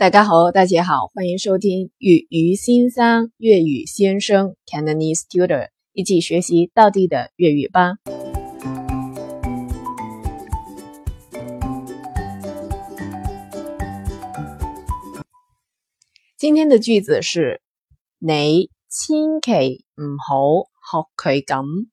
大家好，大家好，歡迎收聽粵語先生粵語先生 Cantonese Tutor） 一起學習地道的粵語吧。今天的句子是：子是你千祈唔好學佢咁，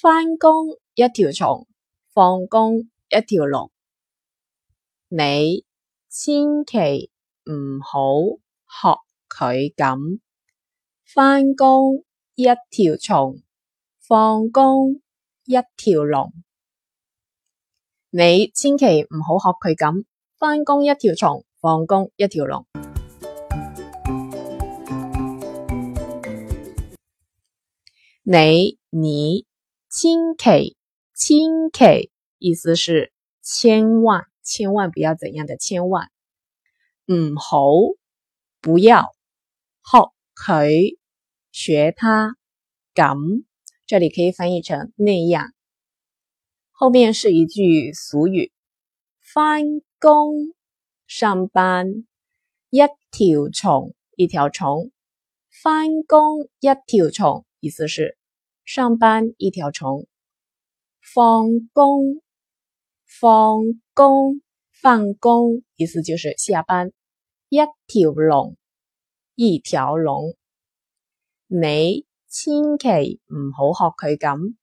返工一條蟲，放工一條龍。你千祈。唔好學佢咁，返工一條蟲，放工一條龍。你千祈唔好學佢咁，返工一條蟲，放工一條龍。 你你千祈千祈，意思是千萬千萬不要怎樣的，千萬。唔、嗯、好，不要學佢學他咁。這裏可以翻譯成那樣。後面是一句俗語：返工上班一條蟲，一條蟲。返工一條蟲，意思是上班一條蟲。放工，放工，放工，意思就是下班。一條龍，一條龍，你千祈唔好學佢咁。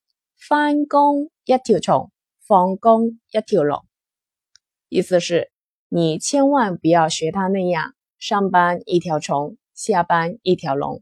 返工一條蟲，放工一條龍。意思是，你千萬不要學他那樣，上班一條蟲，下班一條龍。